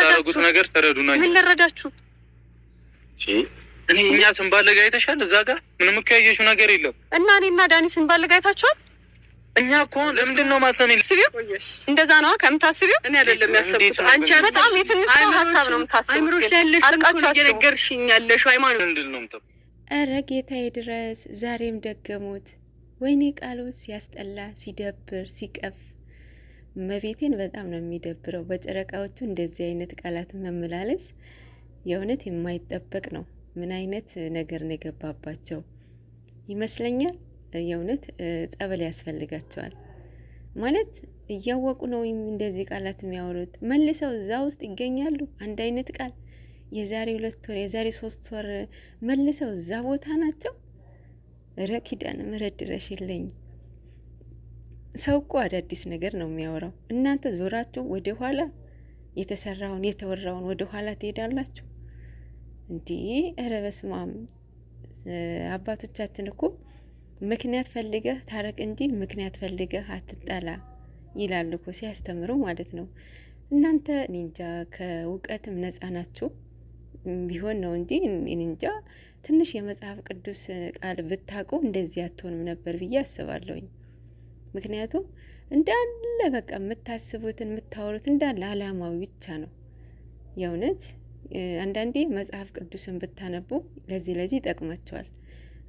ለምታደርጉት ነገር ተረዱና፣ ምን ልረዳችሁ? እኔ እኛ ስንባለግ አይተሻል። እዛ ጋር ምንም እኮ ያየሽው ነገር የለም። እና እኔ እና ዳኒ ስንባለግ አይታችኋል። እኛ እኮ ለምንድን ነው ማዘን ስቢው? እንደዛ ነዋ ከምታስቢው። እኔ አይደለም ያሰብኩት፣ አንቺ በጣም የትንሽ ሰው ሀሳብ ነው የምታስቢው። እየነገርሽኝ ያለሽው ሃይማኖት ምንድን ነው? ኧረ ጌታዬ ድረስ ዛሬም ደገሙት። ወይኔ ቃሉ ሲያስጠላ፣ ሲደብር፣ ሲቀፍ መቤቴን በጣም ነው የሚደብረው። በጨረቃዎቹ እንደዚህ አይነት ቃላት መመላለስ የእውነት የማይጠበቅ ነው። ምን አይነት ነገር ነው የገባባቸው ይመስለኛል። የእውነት ጸበል ያስፈልጋቸዋል ማለት እያወቁ ነው እንደዚህ ቃላት የሚያወሩት። መልሰው እዛ ውስጥ ይገኛሉ። አንድ አይነት ቃል የዛሬ ሁለት ወር የዛሬ ሶስት ወር መልሰው እዛ ቦታ ናቸው። ረኪዳን ምረድረሽ የለኝ ሰው እኮ አዳዲስ ነገር ነው የሚያወራው። እናንተ ዞራችሁ ወደ ኋላ የተሰራውን የተወራውን ወደ ኋላ ትሄዳላችሁ። እንዲህ ኧረ በስመ አብ አባቶቻችን እኮ ምክንያት ፈልገህ ታረቅ እንጂ ምክንያት ፈልገህ አትጣላ ይላሉ እኮ ሲያስተምሩ ማለት ነው። እናንተ ኒንጃ ከእውቀትም ነጻ ናችሁ ቢሆን ነው እንጂ ኒንጃ ትንሽ የመጽሐፍ ቅዱስ ቃል ብታውቁ እንደዚህ አትሆንም ነበር ብዬ አስባለሁኝ። ምክንያቱም እንዳለ በቃ የምታስቡትን የምታወሩት እንዳለ አላማዊ ብቻ ነው። የእውነት አንዳንዴ መጽሐፍ ቅዱስን ብታነቡ ለዚህ ለዚህ ይጠቅማቸዋል።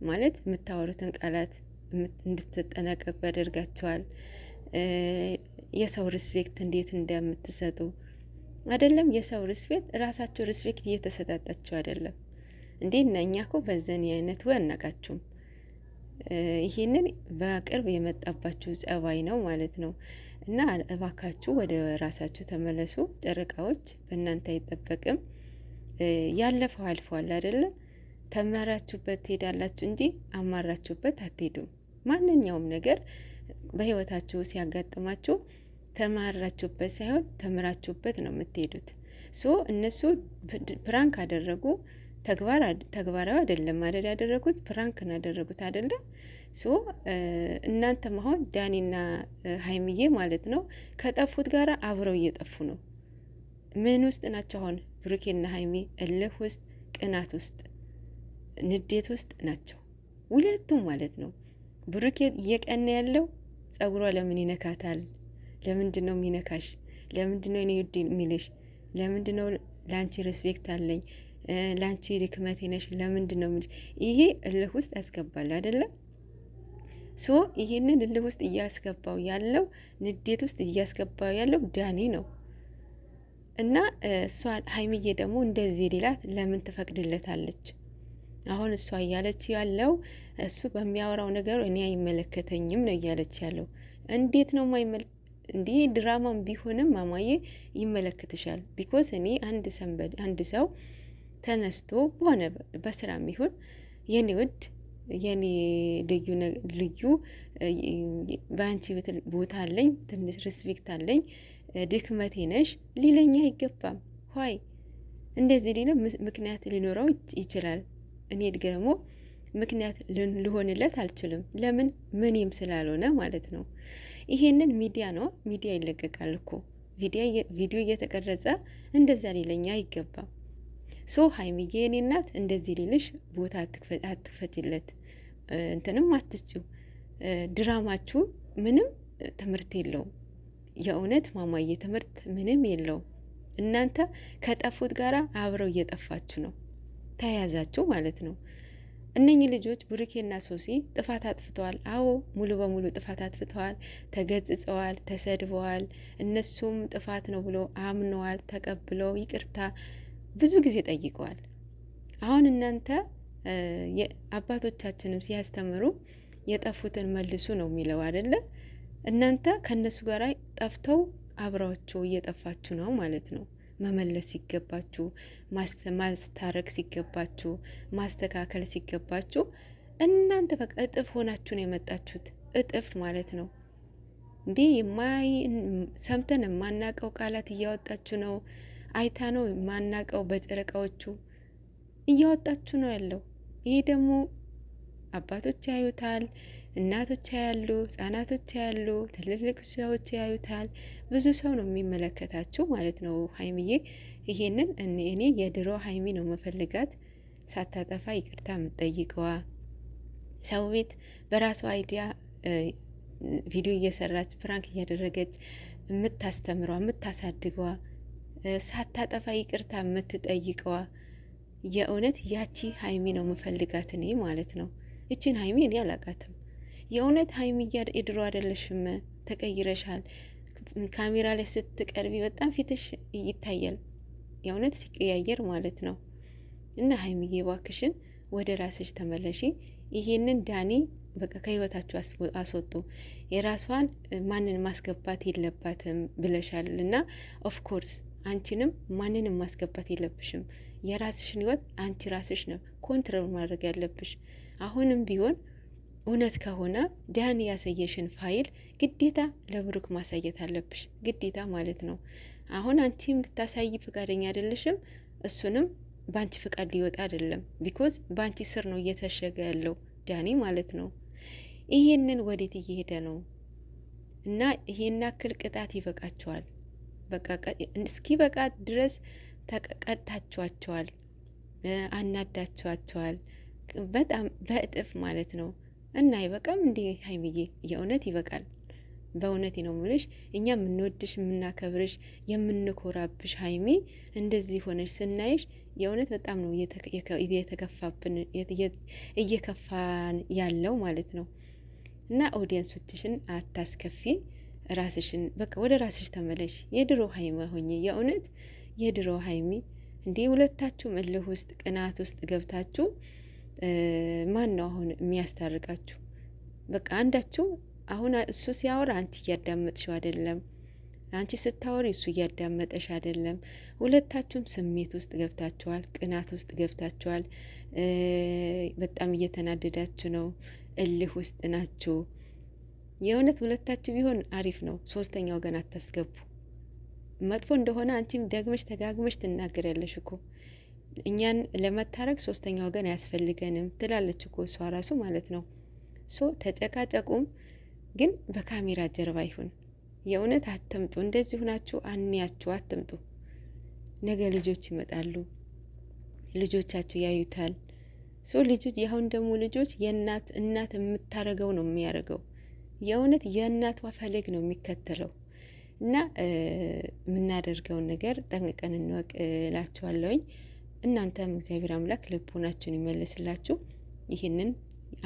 ማለት የምታወሩትን ቃላት እንድትጠነቀቁ ያደርጋቸዋል። የሰው ሪስፔክት እንዴት እንደምትሰጡ አይደለም። የሰው ሪስፔክት ራሳቸው ሪስፔክት እየተሰጣጣቸው አይደለም እንዴ? እና እኛ እኮ በዘን አይነት አናቃችሁም። ይሄንን በቅርብ የመጣባችሁ ጸባይ ነው ማለት ነው። እና እባካችሁ ወደ ራሳችሁ ተመለሱ ጨረቃዎች፣ በእናንተ አይጠበቅም። ያለፈው አልፈዋል አይደለ? ተመራችሁበት ትሄዳላችሁ እንጂ አማራችሁበት አትሄዱም። ማንኛውም ነገር በህይወታችሁ ሲያጋጥማችሁ ተማራችሁበት ሳይሆን ተምራችሁበት ነው የምትሄዱት። ሶ እነሱ ፕራንክ አደረጉ ተግባራዊ አይደለም አይደል? ያደረጉት ፕራንክ ነው ያደረጉት አይደለም? ሶ እናንተም አሁን ዳኒና ሀይሚዬ ማለት ነው ከጠፉት ጋር አብረው እየጠፉ ነው። ምን ውስጥ ናቸው አሁን? ብሩኬና ሀይሚ እልህ ውስጥ፣ ቅናት ውስጥ፣ ንዴት ውስጥ ናቸው ሁለቱም ማለት ነው። ብሩኬ እየቀና ያለው ጸጉሯ ለምን ይነካታል? ለምንድን ነው የሚነካሽ? ለምንድን ነው እኔ ውድ የሚልሽ? ለምንድን ነው ለአንቺ ሬስፔክት አለኝ ለአንቺ ድክመቴ ነሽ ለምንድን ነው የምልሽ? ይሄ እልህ ውስጥ ያስገባል አይደለም? ሶ ይሄንን እልህ ውስጥ እያስገባው ያለው ንዴት ውስጥ እያስገባው ያለው ዳኒ ነው። እና እሷ ሀይሚዬ ደግሞ እንደዚህ ሌላት ለምን ትፈቅድለታለች? አሁን እሷ እያለች ያለው እሱ በሚያወራው ነገሩ እኔ አይመለከተኝም ነው እያለች ያለው። እንዴት ነው ማይመል እንዲህ ድራማም ቢሆንም ማማዬ ይመለከትሻል። ቢኮዝ እኔ አንድ ሰንበድ አንድ ሰው ተነስቶ በሆነ በስራም ይሁን የኔ ውድ የኔ ልዩ ልዩ በአንቺ ቦታ አለኝ፣ ትንሽ ሪስፔክት አለኝ፣ ድክመቴ ነሽ ሊለኝ አይገባም። ሆይ እንደዚህ ሌለ ምክንያት ሊኖረው ይችላል። እኔ ደግሞ ምክንያት ልሆንለት አልችልም። ለምን ምንም ስላልሆነ ማለት ነው። ይሄንን ሚዲያ ነው ሚዲያ ይለቀቃል እኮ ቪዲዮ እየተቀረጸ እንደዛ ሊለኛ አይገባም። ሶ ሀይሚዬ የኔ እናት እንደዚህ ሊልሽ ቦታ አትክፈችለት፣ እንትንም አትስጭው። ድራማችሁ ምንም ትምህርት የለውም። የእውነት ማማዬ ትምህርት ምንም የለውም። እናንተ ከጠፉት ጋር አብረው እየጠፋችሁ ነው፣ ተያያዛችሁ ማለት ነው። እነኚህ ልጆች ብሩኬና ሶሲ ጥፋት አጥፍተዋል። አዎ ሙሉ በሙሉ ጥፋት አጥፍተዋል። ተገጽጸዋል፣ ተሰድበዋል። እነሱም ጥፋት ነው ብሎ አምነዋል፣ ተቀብለው ይቅርታ ብዙ ጊዜ ጠይቀዋል። አሁን እናንተ አባቶቻችንም ሲያስተምሩ የጠፉትን መልሱ ነው የሚለው አይደለ? እናንተ ከእነሱ ጋር ጠፍተው አብራቸው እየጠፋችሁ ነው ማለት ነው። መመለስ ሲገባችሁ፣ ማስታረቅ ሲገባችሁ፣ ማስተካከል ሲገባችሁ እናንተ በቃ እጥፍ ሆናችሁ ነው የመጣችሁት። እጥፍ ማለት ነው እንዲህ ሰምተን የማናቀው ቃላት እያወጣችሁ ነው። አይታ ነው ማናቀው በጨረቃዎቹ እያወጣችሁ ነው ያለው። ይሄ ደግሞ አባቶች ያዩታል፣ እናቶች ያሉ፣ ህጻናቶች ያሉ፣ ትልልቅ ሰዎች ያዩታል። ብዙ ሰው ነው የሚመለከታችሁ ማለት ነው። ሀይሚዬ ይሄንን እኔ የድሮ ሀይሚ ነው መፈልጋት ሳታጠፋ ይቅርታ የምጠይቀዋ ሰው ቤት በራሷ አይዲያ ቪዲዮ እየሰራች ፍራንክ እያደረገች የምታስተምሯ የምታሳድገዋ ሳታጠፋ ይቅርታ የምትጠይቀዋ የእውነት ያቺ ሀይሚ ነው የምፈልጋት እኔ ማለት ነው። እችን ሀይሚ እኔ አላቃትም። የእውነት ሀይሚ የድሮ አይደለሽም፣ ተቀይረሻል። ካሜራ ላይ ስትቀርቢ በጣም ፊትሽ ይታያል፣ የእውነት ሲቀያየር ማለት ነው። እና ሀይሚዬ እባክሽን ወደ ራስሽ ተመለሺ። ይሄንን ዳኒ በቃ ከህይወታችሁ አስወጡ። የራሷን ማንን ማስገባት የለባትም ብለሻል እና ኦፍኮርስ አንቺንም ማንንም ማስገባት የለብሽም። የራስሽን ህይወት አንቺ ራስሽ ነው ኮንትሮል ማድረግ ያለብሽ። አሁንም ቢሆን እውነት ከሆነ ዳኒ ያሳየሽን ፋይል ግዴታ ለብሩክ ማሳየት አለብሽ፣ ግዴታ ማለት ነው። አሁን አንቺም ልታሳይ ፍቃደኛ አይደለሽም። እሱንም በአንቺ ፍቃድ ሊወጣ አይደለም። ቢኮዝ በአንቺ ስር ነው እየተሸገ ያለው ዳኒ ማለት ነው። ይሄንን ወዴት እየሄደ ነው? እና ይሄን ያክል ቅጣት ይበቃቸዋል። እስኪ በቃ ድረስ ተቀጣችኋቸዋል፣ አናዳችኋቸዋል። በጣም በእጥፍ ማለት ነው። እና አይበቃም እንዲ ሀይሚዬ? የእውነት ይበቃል። በእውነቴ ነው የምልሽ። እኛ የምንወድሽ የምናከብርሽ የምንኮራብሽ ሀይሚ እንደዚህ ሆነሽ ስናይሽ የእውነት በጣም ነው እየተከፋብን እየከፋን ያለው ማለት ነው። እና ኦዲየንሶችሽን አታስከፊ። ራስሽን በቃ ወደ ራስሽ ተመለሽ። የድሮ ሀይሚ ሆኜ የእውነት የድሮ ሀይሚ እንዲህ ሁለታችሁም እልህ ውስጥ ቅናት ውስጥ ገብታችሁ ማን ነው አሁን የሚያስታርቃችሁ? በቃ አንዳችሁ አሁን እሱ ሲያወራ አንቺ እያዳመጥሽው አይደለም፣ አንቺ ስታወሪ እሱ እያዳመጠሽ አይደለም። ሁለታችሁም ስሜት ውስጥ ገብታችኋል፣ ቅናት ውስጥ ገብታችኋል። በጣም እየተናደዳችሁ ነው፣ እልህ ውስጥ ናችሁ። የእውነት ሁለታችሁ ቢሆን አሪፍ ነው። ሶስተኛ ወገን አታስገቡ። መጥፎ እንደሆነ አንቺም ደግመሽ ተጋግመሽ ትናገሪያለሽ እኮ እኛን ለመታረግ ሶስተኛ ወገን አያስፈልገንም ትላለች እኮ እሷ ራሱ ማለት ነው። ሶ ተጨቃጨቁም፣ ግን በካሜራ ጀርባ ይሁን። የእውነት አትምጡ፣ እንደዚህ ሁናችሁ አንያችሁ አትምጡ። ነገ ልጆች ይመጣሉ፣ ልጆቻችሁ ያዩታል። ሶ ልጆች ያሁን ደግሞ ልጆች የእናት እናት የምታረገው ነው የሚያደርገው የእውነት የእናቷ ፈለግ ነው የሚከተለው እና የምናደርገውን ነገር ጠንቅቀን እንወቅ እላችኋለሁኝ። እናንተም እግዚአብሔር አምላክ ልቦናችሁን ይመልስላችሁ። ይህንን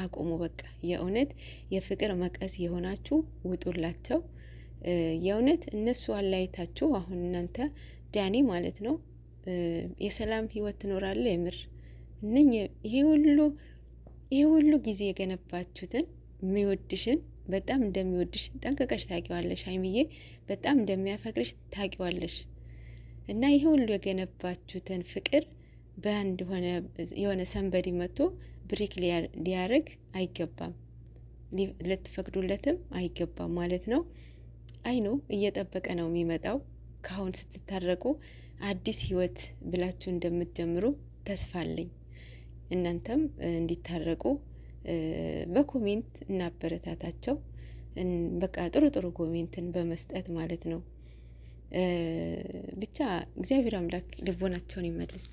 አቁሙ። በቃ የእውነት የፍቅር መቀስ የሆናችሁ ውጡላቸው። የእውነት እነሱ አላይታችሁ አሁን እናንተ ዳኒ ማለት ነው የሰላም ህይወት ትኖራለ። የምር ይሄ ሁሉ ይሄ ሁሉ ጊዜ የገነባችሁትን የሚወድሽን በጣም እንደሚወድሽ ጠንቅቀሽ ታቂዋለሽ። ሀይሚዬ በጣም እንደሚያፈቅርሽ ታቂዋለሽ። እና ይሄ ሁሉ የገነባችሁትን ፍቅር በአንድ የሆነ ሰንበዲ መጥቶ ብሬክ ሊያደርግ አይገባም፣ ልትፈቅዱለትም አይገባም ማለት ነው። አይኖ እየጠበቀ ነው የሚመጣው። ካሁን ስትታረቁ አዲስ ህይወት ብላችሁ እንደምትጀምሩ ተስፋ አለኝ። እናንተም እንዲታረቁ በኮሜንት እናበረታታቸው። በቃ ጥሩ ጥሩ ኮሜንትን በመስጠት ማለት ነው። ብቻ እግዚአብሔር አምላክ ልቦናቸውን ይመልስ።